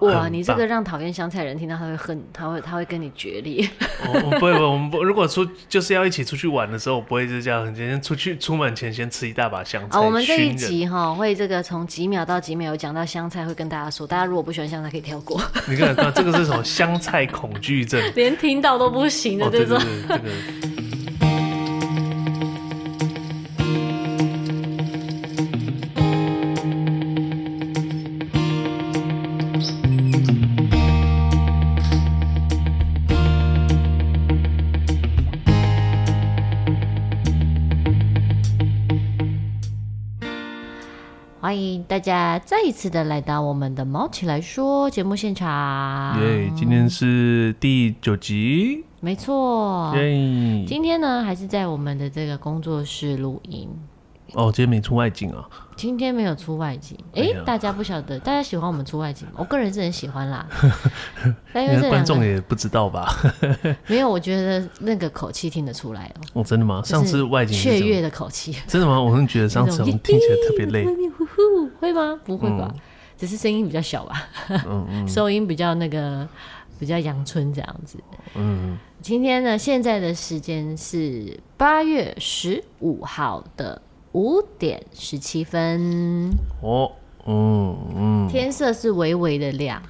哇，棒你這個讓討厭香菜人聽到，他會恨，他會，他會跟你決裂。哦、我不會，我不，會，我們不，如果出就是要一起出去玩的時候，我不會是這樣。今天出去出門前先吃一大把香菜。啊、哦，我們這一集哈會這個從幾秒到幾秒有講到香菜，會跟大家說，大家如果不喜歡香菜可以跳過。你看，這個是什麼香菜恐懼症？ 連聽到都不行的這種、嗯哦。這個。 大家再一次的來到我們的《卯起來說》節目現場，耶！今天是第九集，沒錯，耶！今天呢，還是在我們的這個工作室錄音。哦，今天沒出外景啊？今天沒有出外景，欸、哎呀，大家不曉得，大家喜歡我們出外景嗎？我個人是很喜歡啦， 但是觀眾也不知道吧？ 沒有，我覺得那個口氣聽得出來、喔、哦。真的嗎？上次外景雀躍的口氣， 真的嗎？我是覺得上次我們聽起來特別累。 會嗎？不會吧？嗯、只是聲音比較小吧？嗯嗯，收音比較那個比較陽春這樣子。嗯，今天呢，現在的時間是八月十五號的。五點十七分，哦，嗯嗯，天色是微微的亮，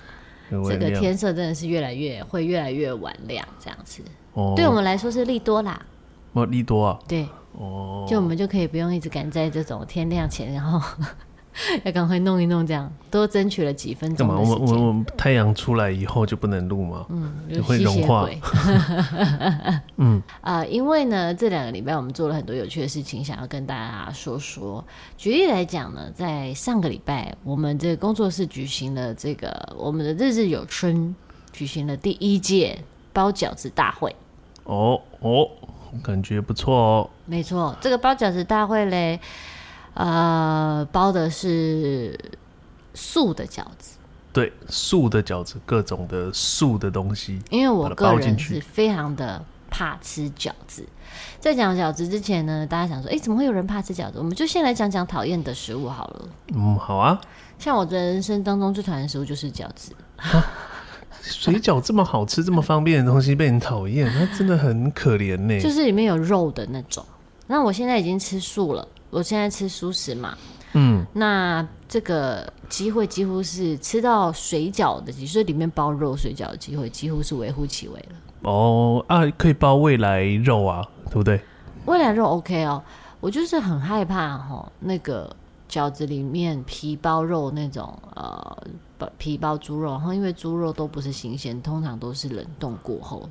這個天色真的是越來越會越來越晚亮，這樣子，哦，對我們來說是利多啦，哇，利多啊，對，哦，就我們就可以不用一直趕在這種天亮前，然後。 要趕快弄一弄，這樣多爭取了幾分鐘。怎麼？我們我們太陽出來以後就不能錄嗎？ 嗯，會融化。 嗯啊、呃，因為呢，這兩個禮拜我們做了很多有趣的事情，想要跟大家說說。舉例來講呢，在上個禮拜，我們這個工作室舉行了這個我們的日日有村舉行了第一屆包餃子大會。哦哦，感覺不錯哦。沒錯，這個包餃子大會嘞。呃，包的是素的餃子。對，素的餃子，各種的素的東西。因為我個人是非常的怕吃餃子子。在講餃子之前呢，大家想說，哎，欸，怎麼會有人怕吃餃子？我們就先來講講討厭的食物好了。嗯，好啊。像我的人生當中最討厭的食物就是餃子。啊，水餃這麼好吃， 這麼方便的東西，被人討厭，那真的很可憐呢，欸。就是裡面有肉的那種。那我現在已經吃素了。我現在吃蔬食嘛，嗯，那這個機會幾乎是吃到水餃的機會，所以裡面包肉水餃的機會幾乎是微乎其微了。哦啊，可以包未來肉啊，對不對？未來肉 OK 哦，我就是很害怕哈、哦，那個餃子裡面皮包肉那種，呃，皮包豬肉，然後因為豬肉都不是新鮮，通常都是冷凍過後。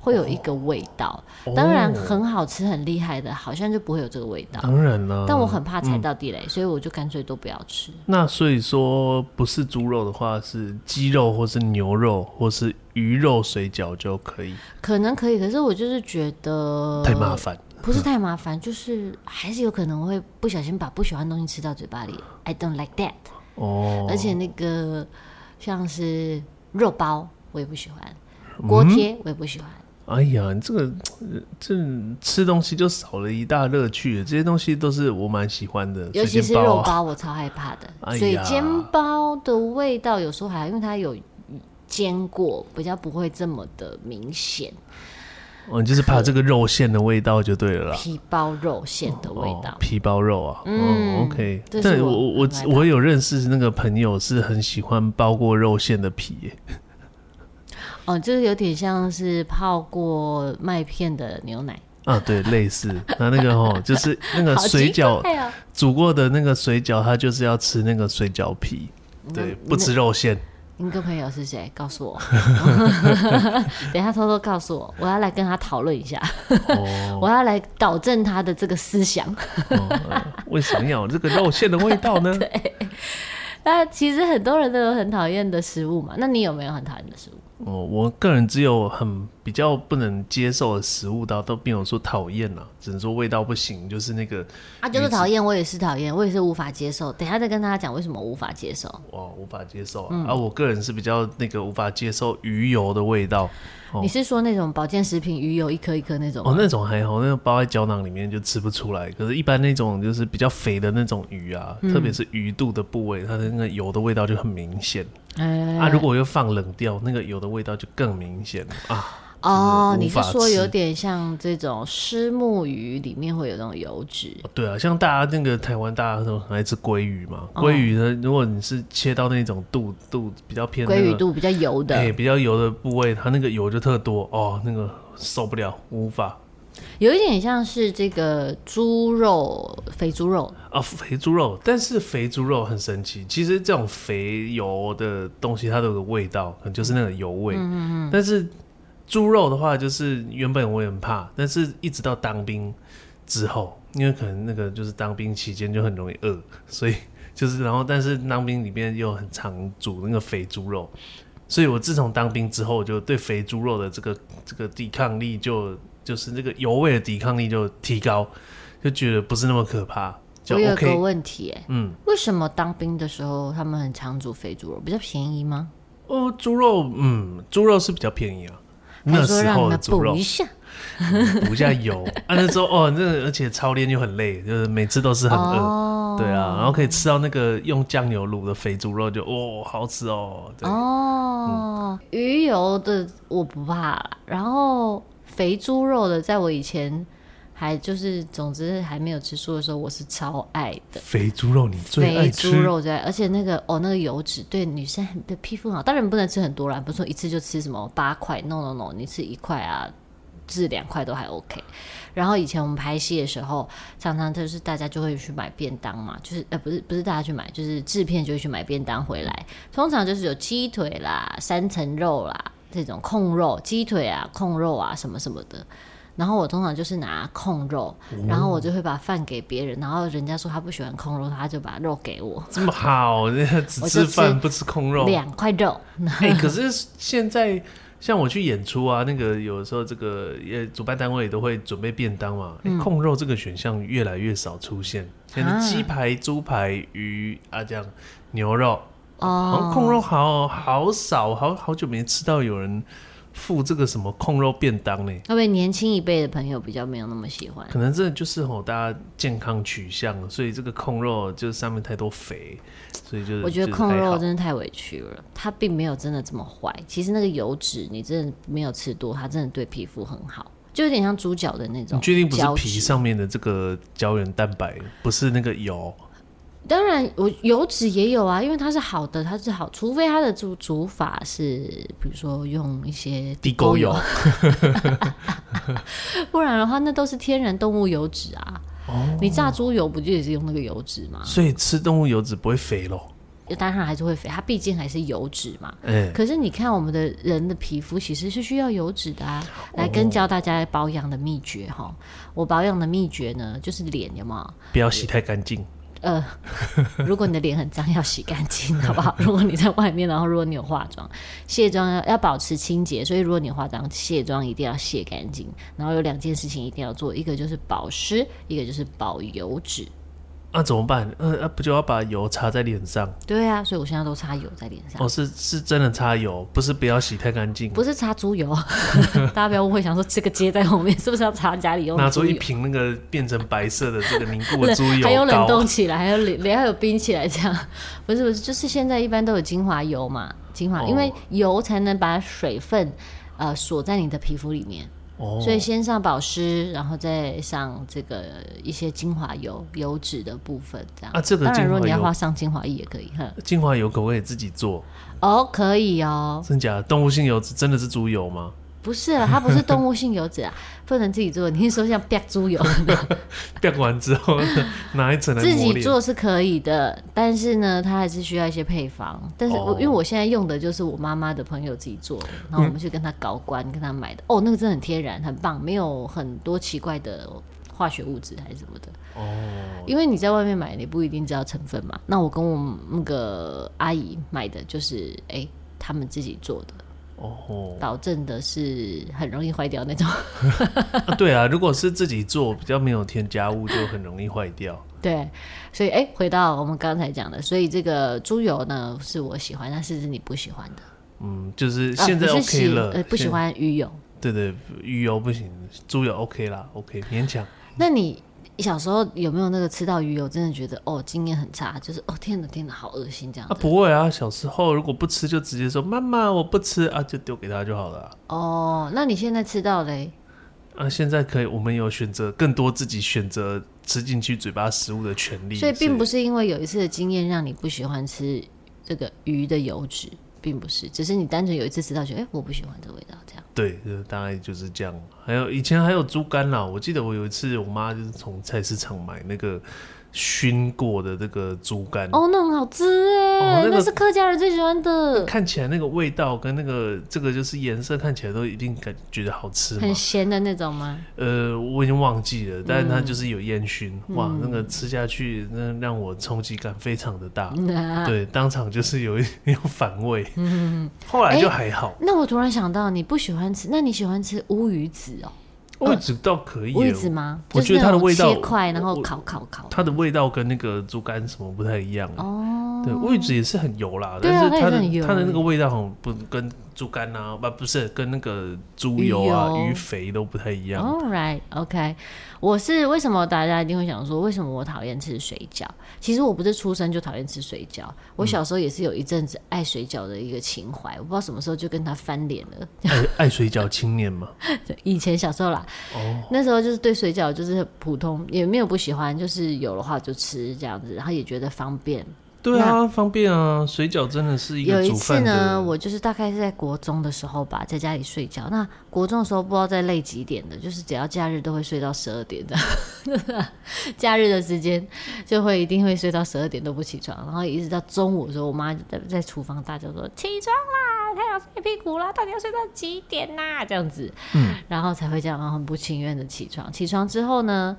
會有一個味道，oh. Oh。當然很好吃，很厲害的，好像就不會有這個味道。當然了、啊，但我很怕踩到地雷，嗯、所以我就乾脆都不要吃。那所以說，不是豬肉的話，是雞肉或是牛肉或是魚肉水餃就可以。可能可以，可是我就是覺得太麻煩，不是太麻煩，嗯、就是還是有可能會不小心把不喜歡的東西吃到嘴巴裡。I don't like that。哦，而且那個像是肉包，我也不喜歡，鍋貼、嗯、我也不喜歡。哎呀，你這個這吃東西就少了一大樂趣，這些東西都是我蠻喜歡的，尤其是肉包啊，我超害怕的。水煎包的味道有時候還，哎、呀因為它有煎過，比較不會這麼的明顯。可哦，你就是怕這個肉餡的味道就對了。皮包肉餡的味道，哦、皮包肉啊。嗯，嗯，OK。對，但我我我有認識那個朋友是很喜歡包過肉餡的皮。哦，就是有點像是泡過麥片的牛奶啊，對，類似，那那個吼、哦， 就是那個水餃煮過的那個水餃，他就是要吃那個水餃皮，對，不吃肉餡。你個朋友是誰？告訴我， 等下偷偷告訴我，我要來跟他討論一下， 我要來導正他的這個思想。為什麼要這個肉餡的味道呢？ 對，那其實很多人都有很討厭的食物嘛，那你有沒有很討厭的食物？哦，我個人只有很比較不能接受的食物，到都並沒有說討厭了，只能說味道不行，就是那個。啊，就是討厭，我也是討厭，我也是無法接受。等一下再跟大家講為什麼無法接受。哦，無法接受啊。嗯、啊，我個人是比較那個無法接受魚油的味道。哦、你是說那種保健食品魚油一顆一顆那種？哦，那種還好，那種包在膠囊裡面就吃不出來。可是，一般那種就是比較肥的那種魚啊，嗯、特別是魚肚的部位，它的那個油的味道就很明顯。哎，哎，哎，啊！如果我又放冷掉，那個油的味道就更明顯了啊！哦，你是說有點像這種虱目魚裡面會有那種油脂？對啊，像大家那個台灣大家都很愛吃鮭魚嘛，鮭魚呢，哦、如果你是切到那種肚肚比較偏鮭、那個、魚肚比較油的，哎、欸，比較油的部位，它那個油就特多哦，那個受不了，無法。有一點像是這個豬肉，肥豬肉啊，肥豬肉。但是肥豬肉很神奇，其實這種肥油的東西它都有個味道，嗯、可能就是那個油味。嗯哼哼。但是豬肉的話，就是原本我也很怕，但是一直到當兵之後，因為可能那個就是當兵期間就很容易餓，所以就是然後，但是當兵裡面又很常煮那個肥豬肉，所以我自從當兵之後，就對肥豬肉的這個這個抵抗力就。就是那個油味的抵抗力就提高，就覺得不是那麼可怕。就 OK, 我有一個問題、欸，嗯，為什麼當兵的時候他們很常煮肥豬肉，比較便宜嗎？哦，豬肉，嗯，豬肉是比較便宜啊。還說，那時候肉讓他補一下，補、嗯、一下油。 啊、那時候哦，那而且操練就很累，就是每次都是很餓，哦、對啊，然後可以吃到那個用醬油滷的肥豬肉就，就哦，好吃哦。對哦，嗯、魚油的我不怕啦，然後。肥豬肉的，在我以前還就是，總之還沒有吃素的時候，我是超愛的。肥豬肉，你最愛吃肥豬肉？對，而且那個哦，那個油脂對女生的皮膚好，當然不能吃很多啦。不是說一次就吃什麼八塊，no no no，你吃一塊啊至兩塊都還 OK。然後以前我們拍戲的時候，常常就是大家就會去買便當嘛，就是呃不是不是大家去買，就是製片就會去買便當回來，通常就是有雞腿啦、三層肉啦。這種控肉雞腿啊，控肉啊什麼什麼的，然後我通常就是拿控肉，哦、然後我就會把飯給別人，然後人家說他不喜歡控肉，他就把肉給我。這麼好，只吃飯，就吃人家只吃飯不吃控肉，兩塊肉。哎、 欸，可是現在像我去演出啊，那個有的時候這個呃主辦單位都會準備便當嘛、啊嗯欸，控肉這個選項越來越少出現，變成、嗯、雞排、豬排、魚啊這樣，牛肉。哦，控肉好好少，好好久沒吃到有人付這個什麼控肉便當呢？會不會年輕一輩的朋友比較沒有那麼喜歡？可能這就是吼、哦，大家健康取向，所以這個控肉就是上面太多肥，所以就是。我覺得控肉真的太委屈了，它並沒有真的這麼壞。其實那個油脂你真的沒有吃多，它真的對皮膚很好，就有點像豬腳的那種。你確定不是皮上面的這個膠原蛋白，不是那個油？當然，我油脂也有啊，因為它是好的，它是好，除非它的煮煮法是，比如說用一些地溝油，地溝油 不然的話，那都是天然動物油脂啊。哦、你炸豬油不就也是用那個油脂嗎？所以吃動物油脂不會肥嘍？當然還是會肥，它畢竟還是油脂嘛。嗯、可是你看我們的人的皮膚其實是需要油脂的啊。來跟教大家來保養的秘訣哈，哦、我保養的秘訣呢就是臉的嘛，有沒有？不要洗太乾淨。呃，如果你的臉很髒， 要洗乾淨，好不好？如果你在外面，然後如果你有化妝，卸妝要要保持清潔。所以，如果你有化妝，卸妝一定要卸乾淨。然後有兩件事情一定要做，一個就是保濕，一個就是保油脂。那、啊、怎麼辦？呃、啊、呃，不就要把油擦在臉上？對啊，所以我現在都擦油在臉上。我、哦、是是真的擦油，不是不要洗太乾淨。不是擦豬油， 大家不要誤會，想說這個接在後面是不是要擦家裡用？拿出一瓶那個變成白色的這個凝固的豬油，還有冷凍起來，還有冷還有冰起來， 起來，這樣不是不是，就是現在一般都有精華油嘛，精華、哦、因為油才能把水分呃鎖在你的皮膚裡面。Oh. 所以先上保濕，然後再上這個一些精華油油脂的部分，這樣。啊，這個精華油當然，如果你要畫上精華液也可以。精華油可不可以自己做？哦，oh, 可以哦。真假的？動物性油脂真的是豬油嗎？不是啊，它不是動物性油脂啊， 不能自己做的。你是說像撇豬油？撇 完之後呢，拿一整自己做是可以的，但是呢，它還是需要一些配方。但是我、oh. 因為我現在用的就是我媽媽的朋友自己做的，然後我們去跟他搞關，嗯、跟他買的。哦、oh，那個真的很天然，很棒，沒有很多奇怪的化學物質還是什麼的。哦，oh. 因為你在外面買，你不一定知道成分嘛。那我跟我那個阿姨買的就是，哎、欸，他們自己做的。哦，保證的是很容易壞掉那種、 啊。對啊，如果是自己做比較沒有添加物， 就很容易壞掉。對，所以哎、欸，回到我們剛才講的，所以這個豬油呢是我喜歡，但是是你不喜歡的。嗯，就是現在 OK 了，哦喜呃、不喜歡魚油。對，對對，魚油不行，豬油 OK 啦，OK 勉強。那你。你小時候有沒有那個吃到魚油，我真的覺得哦經驗很差，就是哦天吶，天吶，好噁心這樣子？啊不會啊，小時候如果不吃就直接說媽媽我不吃啊，就丟給他就好了啊。哦，那你現在吃到嘞？啊，現在可以，我們有選擇更多自己選擇吃進去嘴巴食物的權利，所以並不是因為有一次的經驗讓你不喜歡吃這個魚的油脂，並不是，只是你單純有一次吃到覺得，哎、欸，我不喜歡這味道，這樣。對，就是、大概就是這樣。還有以前還有豬肝啦、啊，我記得我有一次，我媽就是從菜市場買那個。燻過的這個豬肝哦，那很好吃哎，哦那個、那是客家人最喜歡的。看起來那個味道跟那個這個就是顏色看起來都一定感覺得好吃，很鹹的那種嗎？呃，我已經忘記了，嗯、但是它就是有煙燻，哇，嗯、那個吃下去那讓我衝擊感非常的大，嗯、對，當場就是有一點反胃，嗯、哼哼後來就還好、欸。那我突然想到，你不喜歡吃，那你喜歡吃烏魚子哦？味道倒可以，哦，位置嗎？我我覺得它的味道切塊然後烤烤烤。烤它的味道跟那個豬肝什麼不太一樣、啊、哦。對，位置也是很油啦，啊、但是它的它也是很油耶，它的那個味道，很不跟豬肝吶、啊，不不是跟那個豬油啊、魚油、魚肥都不太一樣。Alright, OK，我是為什麼大家一定會想說，為什麼我討厭吃水餃？其實我不是出生就討厭吃水餃，我小時候也是有一陣子愛水餃的一個情懷，嗯、我不知道什麼時候就跟他翻臉了。愛愛水餃青年嘛 以前小時候啦，oh. 那時候就是對水餃就是普通，也沒有不喜歡，就是有的話就吃這樣子，然後也覺得方便。對啊，那方便啊，水餃真的是一個煮飯的。有一次呢，我就是大概是在國中的時候吧，在家裡睡覺。那國中的時候不知道在累幾點的，就是只要假日都會睡到十二點的。 假日的時間就會一定會睡到十二點都不起床，然後一直到中午的時候，我媽就在在廚房大叫說：“起床啦，太陽曬屁股啦！到底要睡到幾點啦、啊，”這樣子，嗯，然後才會這樣，然後很不情願的起床。起床之後呢，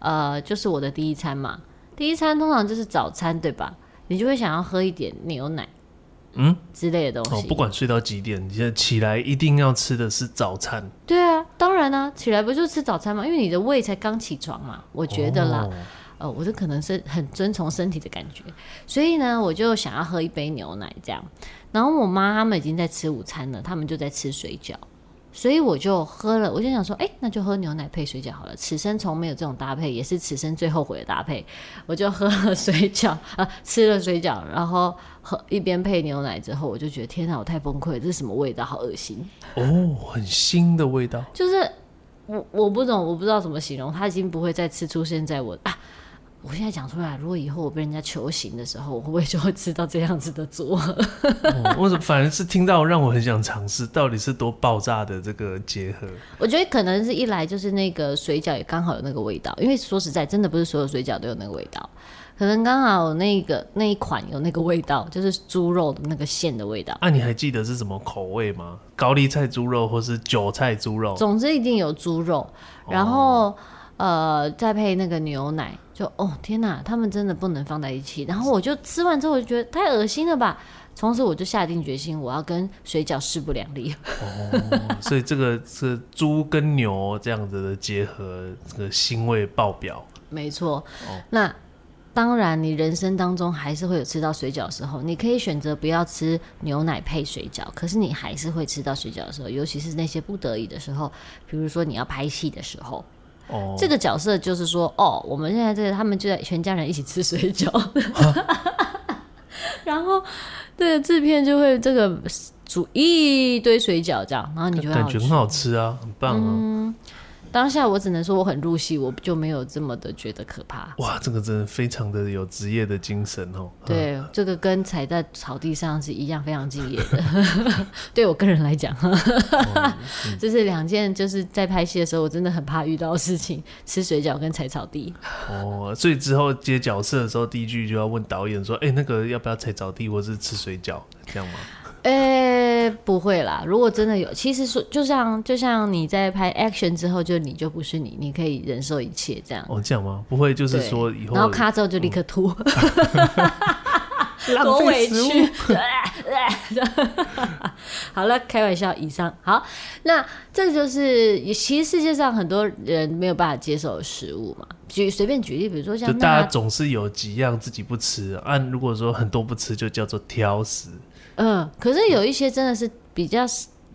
呃，就是我的第一餐嘛，第一餐通常就是早餐，對吧？你就會想要喝一點牛奶，嗯，之類的東西，哦。不管睡到幾點，你就起來一定要吃的是早餐。對啊，當然啊，起來不就吃早餐嗎？因為你的胃才剛起床嘛，我覺得啦。哦，呃，我就可能是很遵從身體的感覺，所以呢，我就想要喝一杯牛奶這樣。然後我媽他們已經在吃午餐了，他們就在吃水餃。所以我就喝了，我就想說，哎、欸，那就喝牛奶配水餃好了。此生從沒有這種搭配，也是此生最後悔的搭配。我就喝了水餃啊、呃，吃了水餃，然後喝一邊配牛奶之後，我就覺得天哪，我太崩潰，這是什麼味道？好噁心哦，oh, 很腥的味道。就是我我不懂，我不知道怎麼形容。它已經不會再次出現在我啊。我現在講出來，如果以後我被人家求刑的時候，我會不會就會吃到這樣子的組合、 哦。我反而是聽到讓我很想嘗試，到底是多爆炸的這個結合。我覺得可能是一來就是那個水餃也剛好有那個味道，因為說實在，真的不是所有水餃都有那個味道，可能剛好那個那一款有那個味道，就是豬肉的那個餡的味道。那、嗯啊、你還記得是什麼口味嗎？高麗菜豬肉或是韭菜豬肉？總之一定有豬肉，然後、哦。呃，再配那個牛奶，就哦天哪，他們真的不能放在一起。然後我就吃完之後，我就覺得太惡心了吧。從此我就下定決心，我要跟水餃勢不兩立。哦， 所以這個是豬跟牛這樣子的結合，這個腥味爆表。沒錯。哦。那當然，你人生當中還是會有吃到水餃的時候，你可以選擇不要吃牛奶配水餃，可是你還是會吃到水餃的時候，尤其是那些不得已的時候，比如說你要拍戲的時候。Oh. 這個角色就是說，哦，我們現在在，他們就在全家人一起吃水餃，Huh? 然後，對，制片就會這個煮一堆水餃這樣，然後你就會感覺很好吃啊，很棒啊。嗯當下我只能說我很入戲，我就沒有這麼的覺得可怕。哇，這個真的非常的有職業的精神哦。對，這個跟踩在草地上是一樣非常敬業的。 對我個人來講，這、 嗯、是兩件就是在拍戲的時候我真的很怕遇到的事情：吃水餃跟踩草地。哦，所以之後接角色的時候，第一句就要問導演說：“哎、欸，那個要不要踩草地，或是吃水餃這樣嗎？”誒、欸，不會啦！如果真的有，其實說就像就像你在拍 action 之後，就你就不是你，你可以忍受一切這樣。哦，這樣嗎？不會就是說以後然後卡之後就立刻吐，浪、嗯、 委屈。好了，開玩笑。以上。好，那這個、就是其實世界上很多人沒有辦法接受的食物嘛。舉隨便舉例，比如說像大家總是有幾樣自己不吃按那、啊、如果說很多不吃，就叫做挑食。嗯，可是有一些真的是比較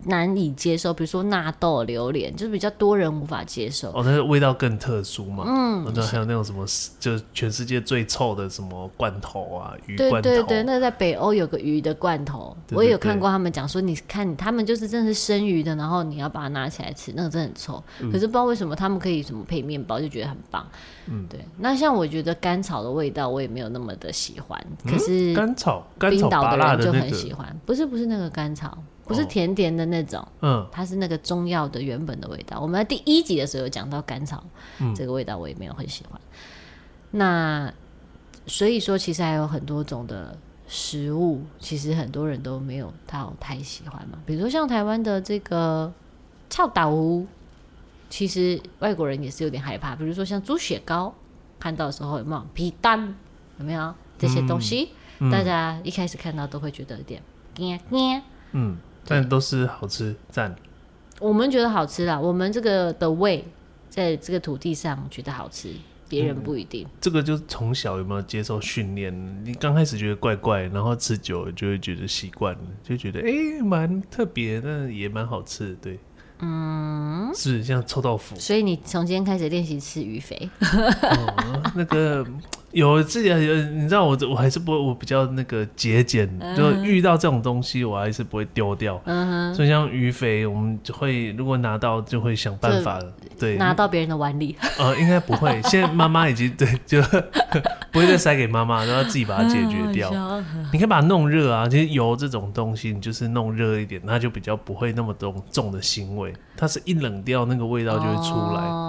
難以接受，比如說納豆、榴蓮，就是比較多人無法接受。哦，那個味道更特殊嘛？嗯，那還有那種什麼，是就是全世界最臭的什麼罐頭啊，魚罐頭。對對對，那個、在北歐有個魚的罐頭，對對對，我也有看過他們講說，你看他們就是真是生魚的，然後你要把它拿起來吃，那個真的很臭。嗯、可是不知道為什麼他們可以什麼配麵包，就覺得很棒。嗯，對。那像我覺得甘草的味道，我也沒有那麼的喜歡。可是甘草，冰島的人就很喜歡。不是不是那個甘草。不是甜甜的那種，嗯，oh, uh, 它是那個中藥的原本的味道。我們在第一集的時候有講到甘草，嗯、這個味道我也沒有很喜歡。那所以說，其實還有很多種的食物，其實很多人都沒有到太喜歡嘛。比如說像台灣的這個臭豆腐，其實外國人也是有點害怕。比如說像豬血糕，看到的時候有沒有皮蛋？有沒有這些東西？嗯嗯、大家一開始看到都會覺得有點驚驚、嗯，嗯。但都是好吃讚，對讚我們覺得好吃啦。我們這個的胃在這個土地上覺得好吃，別人不一定。嗯、這個就是從小有沒有接受訓練，你剛開始覺得怪怪，然後吃久了就會覺得習慣了，就覺得哎蠻、欸、特別，但也蠻好吃的。對，嗯，是像臭豆腐。所以你從今天開始練習吃魚肥。 哦、那個。有自己有，你知道我，我還是不會，我比較那個節儉，嗯、哼就遇到這種東西，我還是不會丟掉。嗯、哼所以像魚肥，我們就會如果拿到，就會想辦法就對，拿到別人的碗裡。嗯、呃，應該不會。現在媽媽已經 對，就不會再塞給媽媽，然後 自己把它解決掉。 嗯、哼你可以把它弄熱啊，其實油這種東西，你就是弄熱一點，它就比較不會那麼重重的腥味。它是一冷掉，那個味道就會出來。哦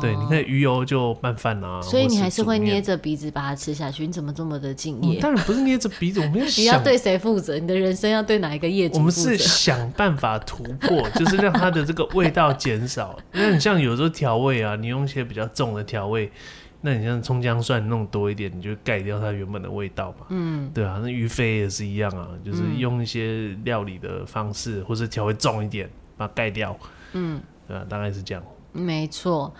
對，你看魚油、哦、就拌飯吶，所以你還是會捏着鼻子把它吃下去。你怎麼這麼的敬業？嗯、當然不是捏着鼻子，我們要想。你要對誰負責？你的人生要對哪一個業主？我們是想辦法突破， 就是讓它的這個味道減少。 因為你像有時候調味啊，你用一些比較重的調味，那你像蔥薑蒜弄多一點，你就蓋掉它原本的味道嘛。嗯，對啊，那魚肥也是一樣啊，就是用一些料理的方式，嗯、或是調味重一點，把它蓋掉。嗯，對啊，大概是這樣。沒錯，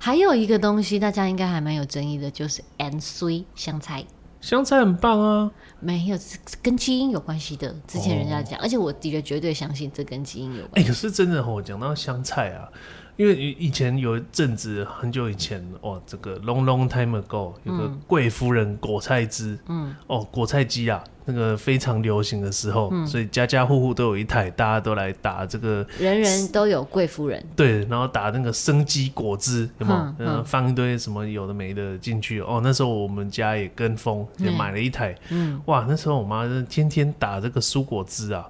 還有一個東西大家應該還蠻有爭議的，就是 N t 香菜。香菜很棒啊，沒有，是跟基因有關係的。之前人家講，哦、而且我的確絕對相信這跟基因有關係。哎、欸，可是真的和、哦、我講到香菜啊。因為以前有一陣子很久以前哦，這個 long long time ago，有個貴夫人果菜汁，嗯，哦果菜機啊，那個非常流行的時候，嗯，所以家家戶戶都有一台，大家都來打這個，人人都有貴夫人，對，然後打那個生機果汁，有沒有嗯，嗯，放一堆什麼有的沒的進去，哦，那時候我們家也跟風也買了一台，嗯，嗯，哇，那時候我媽天天打這個蔬果汁啊。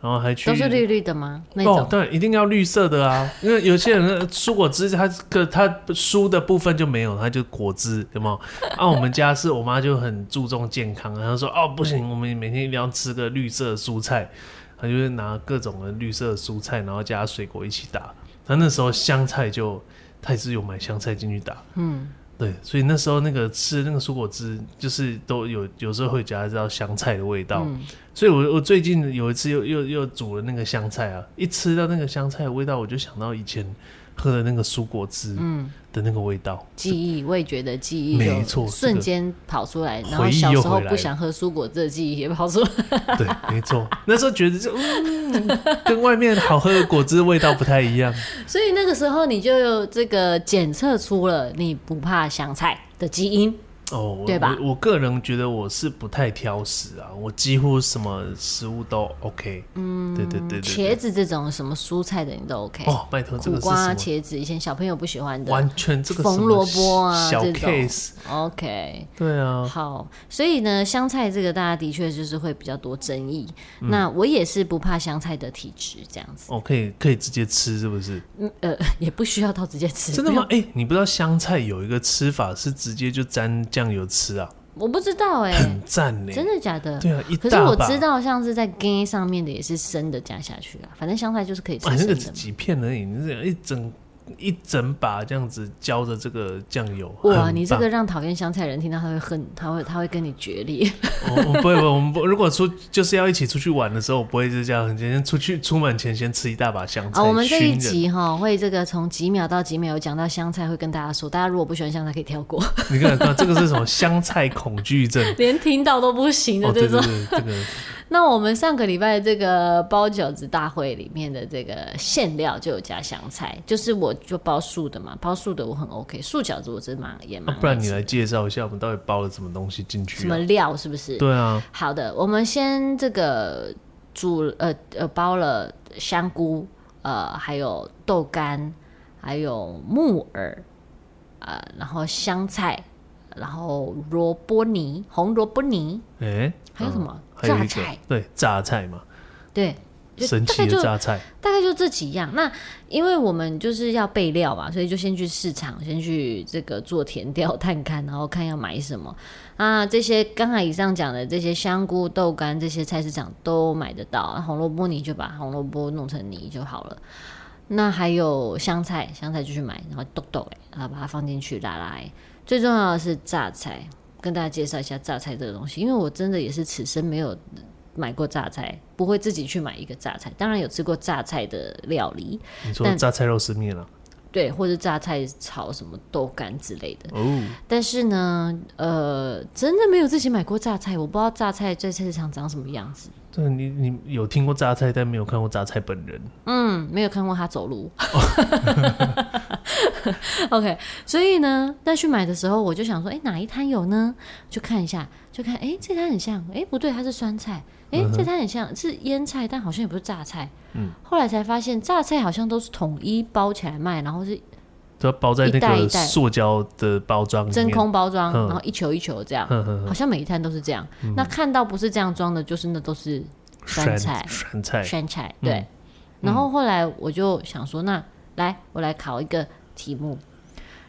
然後還去都是綠綠的嗎？那種？哦，對，一定要綠色的啊， 因為有些人蔬果汁它個它蔬的部分就沒有，它就果汁，有沒有？啊、我們家是我媽就很注重健康，然後 說哦不行，我們每天一定要吃個綠色蔬菜，她就會拿各種的綠色的蔬菜，然後加水果一起打。她那時候香菜就她也是有買香菜進去打，嗯。對，所以那時候那個吃那個蔬果汁，就是都有有時候會加到香菜的味道。嗯、所以我我最近有一次又又又煮了那個香菜啊，一吃到那個香菜的味道，我就想到以前，喝的那個蔬果汁，嗯，的那個味道，嗯、就記憶味覺的記憶，沒錯，瞬間跑出來，然後小時候不想喝蔬果汁的記憶也跑出來， 對，沒錯，那時候覺得就，嗯、 跟外面好喝的果汁的味道不太一樣， 所以那個時候你就有這個檢測出了你不怕香菜的基因。嗯哦，對吧？我個人覺得我是不太挑食啊，我幾乎什麼食物都 OK。嗯，對對對對，茄子這種什麼蔬菜的你都 OK。哦，拜託，這個苦瓜、茄子，以前小朋友不喜歡的，完全這個紅蘿蔔啊，小 case。OK。對啊。好，所以呢，香菜這個大家的確就是會比較多爭議。那我也是不怕香菜的體質，這樣子。哦，可以可以直接吃，是不是？嗯呃，也不需要到直接吃。真的嗎？哎，你不知道香菜有一個吃法是直接就沾。醬油吃啊，我不知道哎、欸，很贊呢、欸，真的假的？對啊，可是我知道，像是在羹上面的也是生的加下去啊，反正香菜就是可以吃生的。那個、幾片而已，你這樣一整。一整把這樣子澆着這個醬油，哇！棒你這個讓討厭香菜人聽到，他會恨，他會，他會跟你決裂。不會、哦 哦，不會，我們不。如果出就是要一起出去玩的時候，我不會是這樣。今天出去出門前先吃一大把香菜。啊、哦，人我們這一集哈、哦、會這個從幾秒到幾秒有講到香菜，會跟大家說，大家如果不喜歡香菜可以跳過。 你看,看，看這個是什麼香菜恐懼症， 連聽到都不行的這種，這個。那我們上個禮拜這個包餃子大會裡面的這個餡料就有加香菜，就是我就包素的嘛，包素的我很 OK，素餃子我真的也蠻，啊、不然你來介紹一下，我們到底包了什麼東西進去、啊？什麼料是不是？對啊。好的，我們先這個煮呃呃包了香菇，呃還有豆乾，還有木耳，呃然後香菜。然後蘿蔔泥，紅蘿蔔泥，哎、欸，還有什麼？榨、嗯、菜，對，榨菜嘛，對，神奇的榨菜就大就，大概就這幾樣。那因為我們就是要備料嘛，所以就先去市場，先去這個做田調探看，然後看要買什麼啊。這些剛才以上講的這些香菇、豆干，這些菜市場都買得到。紅蘿蔔泥，就把紅蘿蔔弄成泥就好了。那還有香菜，香菜就去買，然後豆豆，哎，然後把它放進去辣辣，拿來。最重要的是榨菜，跟大家介紹一下榨菜這個東西。因為我真的也是此生沒有買過榨菜，不會自己去買一個榨菜。當然有吃過榨菜的料理，你說但榨菜肉絲面了、啊？對，或者榨菜炒什麼豆干之類的。哦，但是呢，呃，真的沒有自己買過榨菜，我不知道榨菜在菜市場長什麼樣子。對，你你有聽過榨菜，但沒有看過榨菜本人。嗯，沒有看過他走路。哦 OK，所以呢，在去買的時候，我就想說，哎、欸，哪一攤有呢？就看一下，就看，哎、欸，這攤很像，哎、欸，不對，它是酸菜，哎、欸，嗯、哼這攤很像是醃菜，但好像也不是榨菜。嗯、後來才發現，榨菜好像都是統一包起來賣，然後是都要包在那個包一袋一袋塑膠的包裝、真空包裝，然後一球一球這樣，嗯、好像每一攤都是這樣。嗯、那看到不是這樣裝的，就是那都是酸菜、酸菜、酸菜，酸菜，對。嗯、然後後來我就想說，那來，我來烤一個。題目：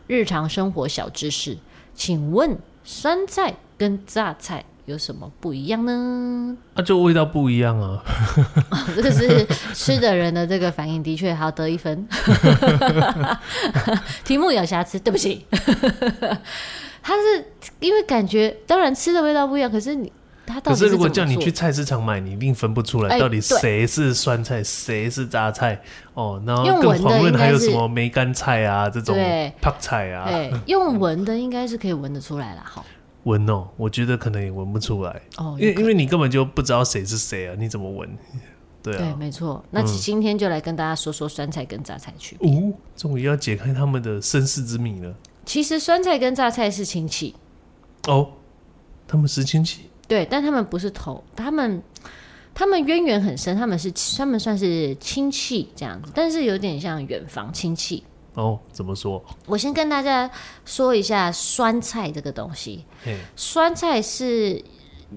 日常生活小知識，請問酸菜跟榨菜有什麼不一樣呢？啊，就味道不一樣啊 、哦！這個是吃的人的這個反應，的確好，得一分。 題目有瑕疵，對不起。 他是因為感覺，當然吃的味道不一樣，可是你。是，可是如果叫你去菜市場買，你一定分不出來、欸，到底誰是酸菜，誰對是榨菜哦、喔。然後更黃潤還有什麼梅乾菜啊這種泡菜啊？對，啊對欸，用聞的應該是可以聞得出來了。好聞哦，我覺得可能也聞不出來、嗯、哦，因為因為你根本就不知道誰是誰啊，你怎麼聞？對啊，對，沒錯。那今天就來跟大家說說酸菜跟榨菜的區別、嗯、哦，終於要解開他們的身世之謎了。其實酸菜跟榨菜是親戚哦，他們是親戚。對，但他們不是頭。他們，他們淵源很深，他們是他們算是親戚這樣子，但是有點像遠房親戚。哦，怎麼說？我先跟大家說一下酸菜這個東西。嘿酸菜是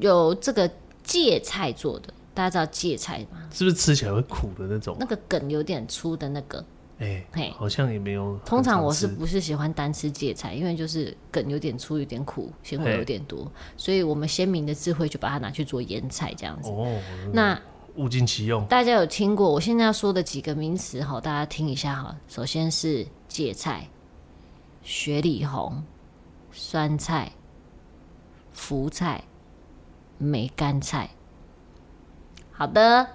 有這個芥菜做的，大家知道芥菜嗎？是不是吃起來會苦的那種啊？那個梗有點粗的那個。哎、欸、好像也沒有。通常我是不是喜歡單吃芥菜？因為就是梗有點粗，有點苦，鮮味有點多，欸、所以我們鮮明的智慧就把它拿去做醃菜這樣子。哦，那，個，那物盡其用。大家有聽過我現在要說的幾個名詞，好，大家聽一下哈。首先是芥菜、雪裡紅、酸菜、福菜、梅乾菜。好的，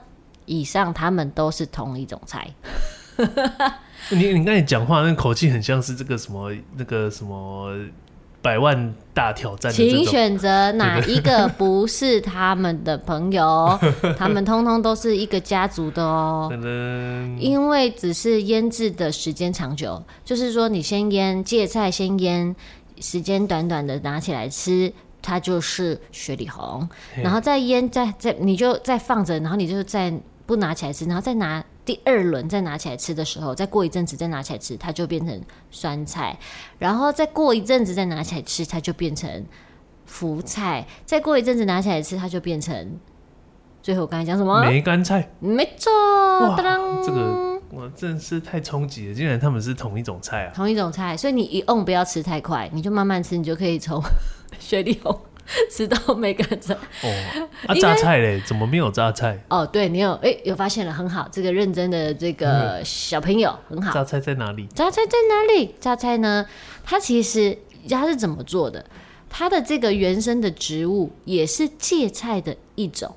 以上他們都是同一種菜。 你你跟你講話那口氣很像是這個什麼那個什麼百萬大挑戰的，請選擇哪一個不是他們的朋友？ 他們通通都是一個家族的哦、喔。噠噠。因為只是醃製的時間長久，就是說你先醃芥菜，先醃時間短短的拿起來吃，它就是雪裡紅；然後再醃，再再 你就再放着，然後你就再不拿起來吃，然後再拿。第二輪再拿起來吃的時候，再過一陣子再拿起來吃，它就變成酸菜；然後再過一陣子再拿起來吃，它就變成福菜；再過一陣子拿起來吃，它就變成……最後我剛才講什麼？梅干菜，沒錯。哇，這個我真的是太衝擊了，竟然他們是同一種菜啊！同一種菜，所以你一甕不要吃太快，你就慢慢吃，你就可以從雪裡紅。吃 到沒個字哦，啊，榨菜嘞？怎麼沒有榨菜？哦，對你有哎、欸，有發現了，很好，這個認真的這個小朋友、嗯、很好。榨菜在哪裡？榨菜在哪裡？榨菜呢？它其實它是怎麼做的？它的這個原生的植物也是芥菜的一種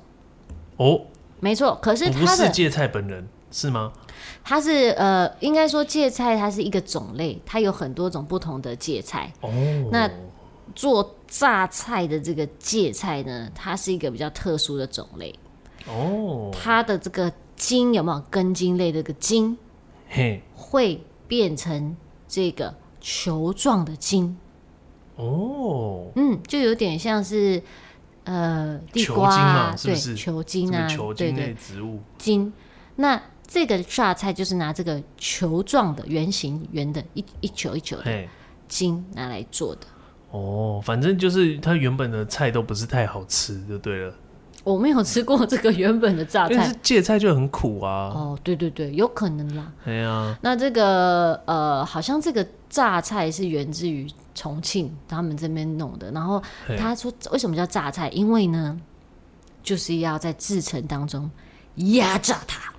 哦，沒錯。可是它不是芥菜本人是嗎？它是呃，應該說芥菜它是一個種類，它有很多種不同的芥菜哦。那做。榨菜的這個芥菜呢，它是一個比較特殊的種類哦。Oh. 它的這個莖有沒有根莖類的個莖？嘿，Hey. 會變成這個球狀的莖哦。Oh. 嗯，就有點像是呃，地瓜對球莖啊，球莖啊對球莖類植物莖。那這個榨菜就是拿這個球狀的，的、圓形、圓的一一球一球的莖拿來做的。Hey. 哦，反正就是它原本的菜都不是太好吃，就對了。我沒有吃過這個原本的榨菜，是芥菜就很苦啊。哦，對對對，有可能啦。對啊。那這個呃，好像這個榨菜是源自於重慶他們這邊弄的。然後他說，為什麼叫榨菜？嘿因為呢，就是要在製程當中壓榨它。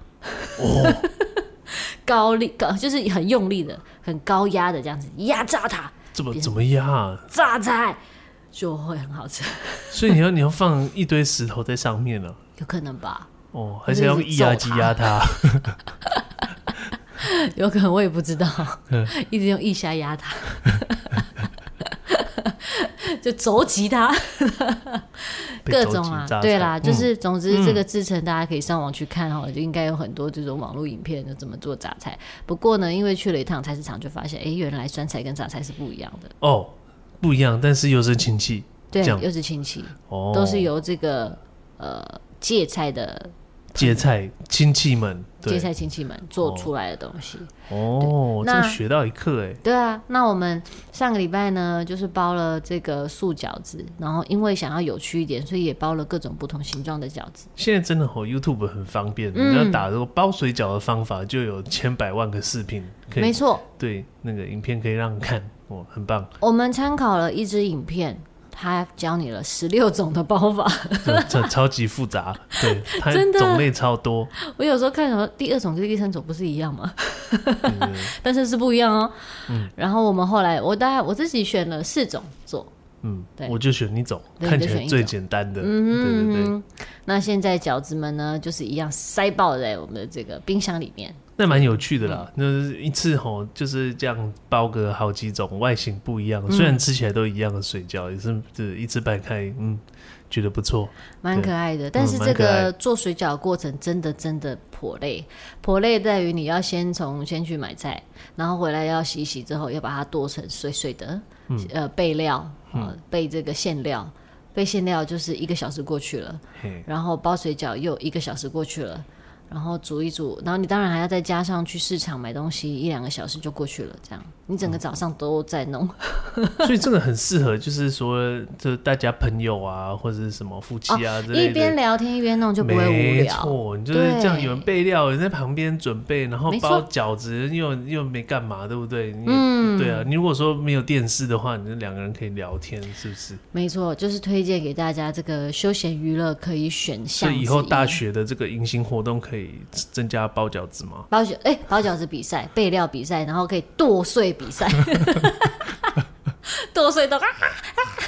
哦， 高力，就是很用力的，很高壓的這樣子壓榨它。怎麼怎麼壓、啊？榨菜就會很好吃，所以你要你要放一堆石頭在上面了、啊，有可能吧？哦，還是要用液壓機壓它？有可能我也不知道，呵呵一直用液壓壓它，呵呵就肘擊它。呵呵 各種啊，對啦，嗯、就是總之這個製程，大家可以上網去看哈、喔，嗯、就應該有很多這種網絡影片，就怎麼做榨菜。不過呢，因為去了一趟菜市場，就發現，哎、欸，原來酸菜跟榨菜是不一樣的哦，不一樣，但是又是親戚，對，又是親戚，都是由這個、哦、呃芥菜的。芥菜親戚們，芥菜親戚們做出來的東西哦，對哦，那這學到一課哎。對啊，那我們上個禮拜呢，就是包了這個素餃子，然後因為想要有趣一點，所以也包了各種不同形狀的餃子。現在真的好、哦、，YouTube 很方便，嗯、你要打這個包水餃的方法，就有千百萬個視頻。可以沒錯，對，那個影片可以讓你看，哦，很棒。我們參考了一支影片。他教你了十六種的包法，超 超級複雜，對，真的種類超多。我有時候看什麼，第二種跟第三種不是一樣嗎？ 嗯、但是是不一樣哦。嗯、然後我們後來，我大我自己選了四種做，嗯，對，我就選一種，對看起來最簡單的。對，嗯，那現在餃子們呢，就是一樣塞爆在我們的這個冰箱裡面。那蠻有趣的啦，那、就是、一次吼就是這樣包個好幾種外形，不一樣，雖然吃起來都一樣的水餃，嗯、也是、就是一次擺開，嗯，覺得不錯，蠻可愛的。對但是這個做水餃的過程真的真的頗累，頗、嗯、累在於你要先從先去買菜，然後回來要洗洗之後，要把它剁成碎碎的，嗯、呃，備料啊，備、嗯、這個餡料，備餡料就是一個小時過去了，嘿然後包水餃又一個小時過去了。然後煮一煮，然後你當然還要再加上去市場買東西，一兩個小時就過去了。這樣，你整個早上都在弄，嗯、 所以真的很適合，就是說，就大家朋友啊，或者是什麼夫妻啊，哦、這一邊聊天一邊弄就不會無聊。沒錯，你就是這樣有人備料，人對在旁邊準備，然後包餃子又沒錯又，又沒幹嘛，對不對？你嗯，對啊。你如果說沒有電視的話，你就兩個人可以聊天，是不是？沒錯，就是推薦給大家這個休閒娛樂可以選項。所以以後大學的這個迎新活動可以。可以增加包餃子嗎？包餃哎、欸，包餃子比賽，備料比賽，然後可以剁碎比賽， 剁碎都啊！啊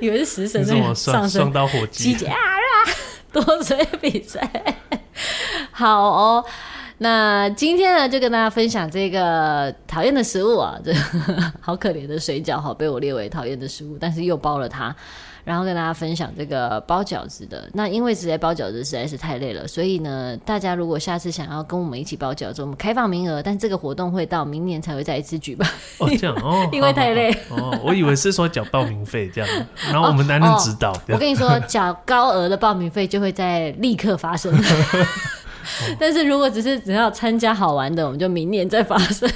以為是食神那上升，怎麼雙雙刀火雞？啊，啊，剁碎比賽好哦。那今天呢，就跟大家分享這個討厭的食物啊，這好可憐的水餃，好被我列為討厭的食物，但是又包了它。然後跟大家分享這個包餃子的，那因為直接包餃子實在是太累了，所以呢，大家如果下次想要跟我們一起包餃子，我們開放名額，但這個活動會到明年才會再一次舉辦。哦，這樣哦，因為太累哦，我以為是說繳報名費這樣，然後我們男人指導。哦哦、樣我跟你說，繳高額的報名費就會在立刻發生。 但是如果只是只要參加好玩的，我們就明年再發生。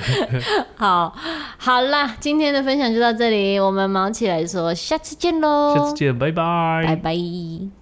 好，好啦，今天的分享就到這裡，我們卯起來說，下次見嘍，下次見，拜拜，拜拜。